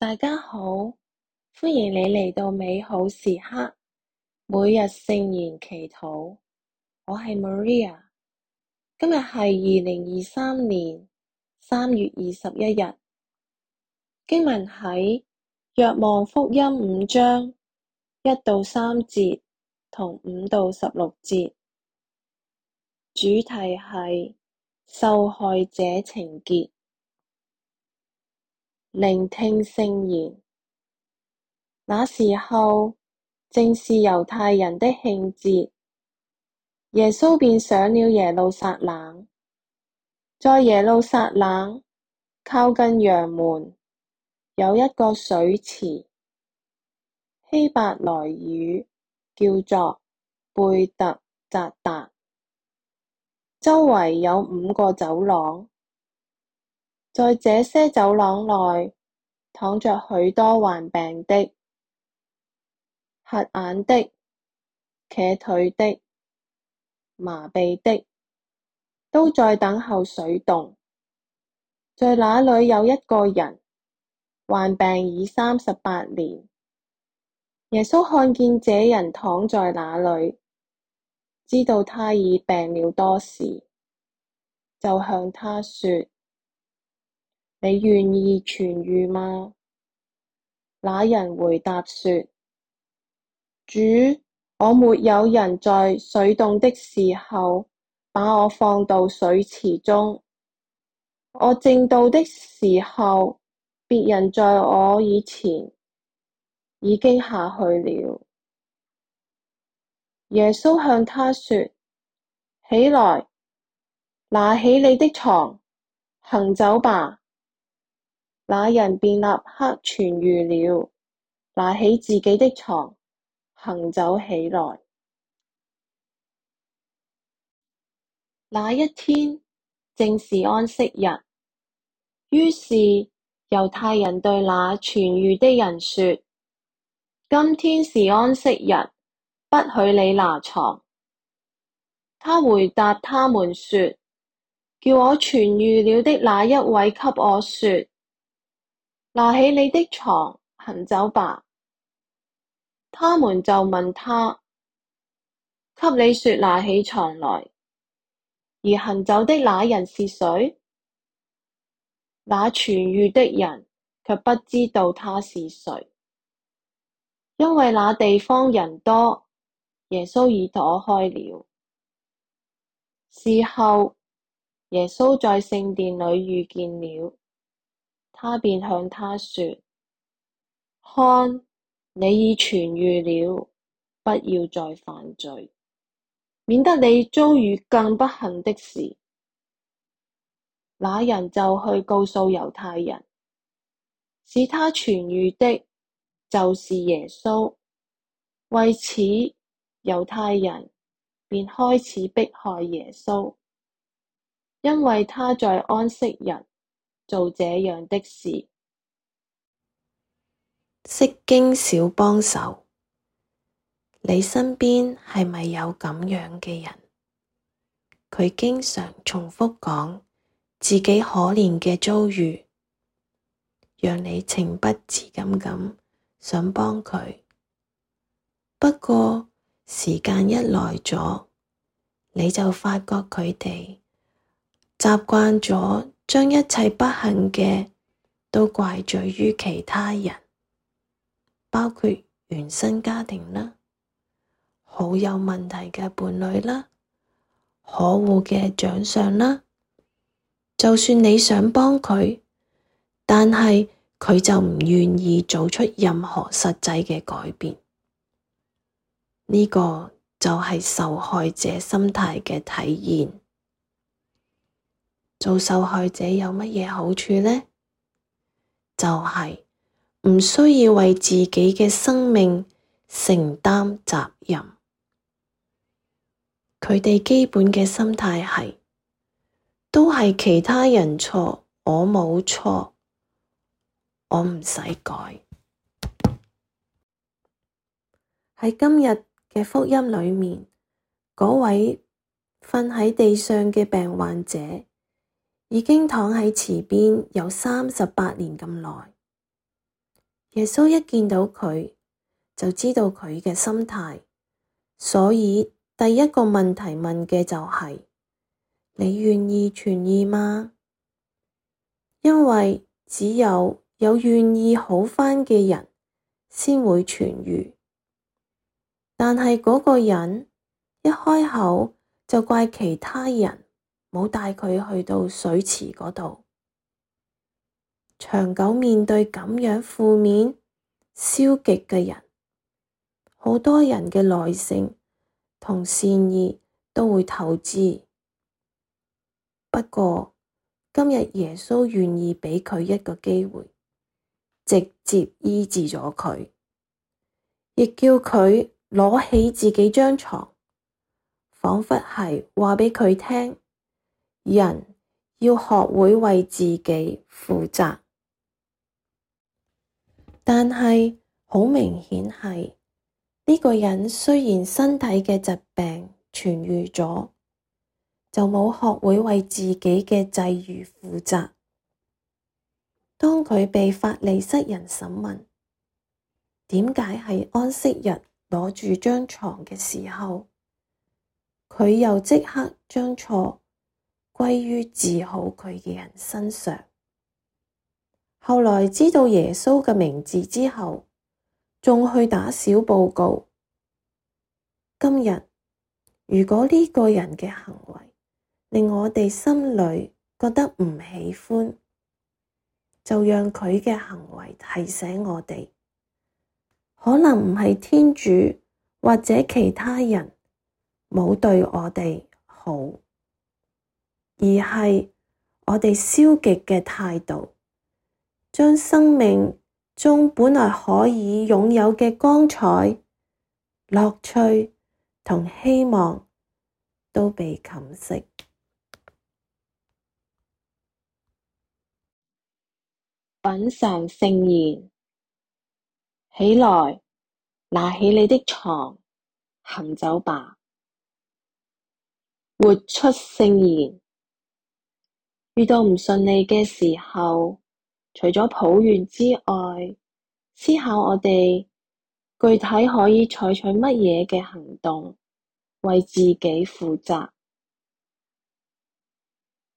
大家好，歡迎你嚟到美好時刻每日聖言祈禱。我係 Maria，今日係二零二三年三月二十一日，經文喺《若望福音》五章一到三節同五到十六節，主題係受害者情結。聆聽聖言，那時候正是猶太人的慶節，耶穌便上了耶路撒冷，在耶路撒冷靠近羊門有一個水池，希伯來語叫做貝特匝達，周圍有五個走廊。在這些走廊內，躺着許多患病的、瞎眼的、瘸腿的、麻痹的，都在等候水動。在那裏有一個人，患病已三十八年。耶穌看見這人躺在那裏，知道他已病了多時，就向他說。你願意痊愈嗎？那人回答說：主，我沒有人在水動的時候把我放到水池中，我正到的時候，別人在我以前已經下去了。耶穌向他說：起來，拿起你的床，行走吧。那人便立刻痊愈了，拿起自己的床，行走起來。那一天正是安息日，於是猶太人對那痊愈的人說：今天是安息日，不許你拿床。他回答他們說：叫我痊愈了的那一位，給我說。拿起你的床，行走吧。他們就問他：給你說，拿起床來。而行走的那人是誰？那痊愈的人卻不知道他是誰，因為那地方人多，耶穌已躲開了。事後，耶穌在聖殿裏遇見了。他便向他說：看，你已痊愈了，不要再犯罪，免得你遭遇更不幸的事。那人就去告訴猶太人，使他痊愈的，就是耶穌。為此，猶太人便開始迫害耶穌，因為他在安息日做這樣的事，釋經小幫手。你身邊係咪有咁樣嘅人？佢經常重複講自己可憐嘅遭遇，讓你情不自禁咁想幫佢。不過時間一耐咗，你就發覺佢哋習慣咗。將一切不幸嘅都怪罪於其他人，包括原生家庭啦，好有問題嘅伴侶啦，可惡嘅長上啦。就算你想幫佢，但係佢就唔願意做出任何實際嘅改變。呢、這個就係受害者心態嘅體現。做受害者有乜嘢好處呢？就係、是、唔需要為自己嘅生命承擔責任。佢哋基本嘅心態係都係其他人錯，我冇錯，我唔使改。喺今日嘅福音裏面，嗰位瞓喺地上嘅病患者。已經躺喺池邊有三十八年咁耐，耶穌一見到佢就知道佢嘅心態，所以第一個問題問嘅就係：你願意痊愈嗎？因為只有有願意好翻嘅人先會痊愈，但係嗰個人一開口就怪其他人。冇帶佢去到水池嗰度，長久面對咁樣負面、消極嘅人，好多人嘅耐性同善意都會透支。不過今日耶穌願意畀佢一個機會，直接醫治咗佢，亦叫佢攞起自己張床，仿佛係話畀佢聽。人要學會為自己負責，但係好明顯係呢個人雖然身體嘅疾病痊癒咗，就冇學會為自己嘅際遇負責。當佢被法利塞人審問，點解係安息日攞住張床嘅時候，佢又即刻將錯歸於治好佢嘅人身上。後來知道耶穌嘅名字之後，仲去打小報告。今日如果呢個人嘅行為令我哋心裏覺得唔喜歡，就讓佢嘅行為提醒我哋：可能唔係天主，或者其他人冇對我哋好。而係我哋消極嘅態度，將生命中本來可以擁有嘅光彩、樂趣同希望，都被侵蝕。品嘗聖言，起來，拿起你的床，行走吧。活出聖言。遇到唔順利嘅時候，除咗抱怨之外，思考我哋具體可以採取乜嘢嘅行動，為自己負責。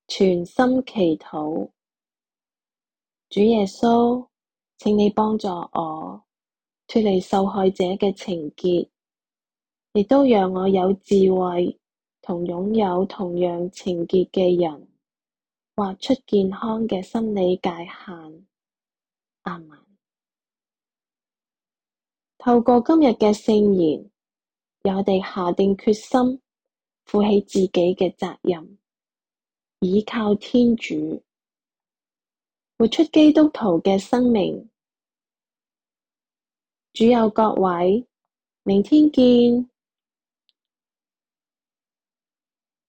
全心祈禱，主耶穌，請你幫助我脫離受害者嘅情結，亦都讓我有智慧同擁有同樣情結嘅人，劃出健康嘅心理界限。阿們。透過今日嘅聖言，我哋下定決心負起自己嘅責任，倚靠天主，活出基督徒嘅生命。主有各位，明天見。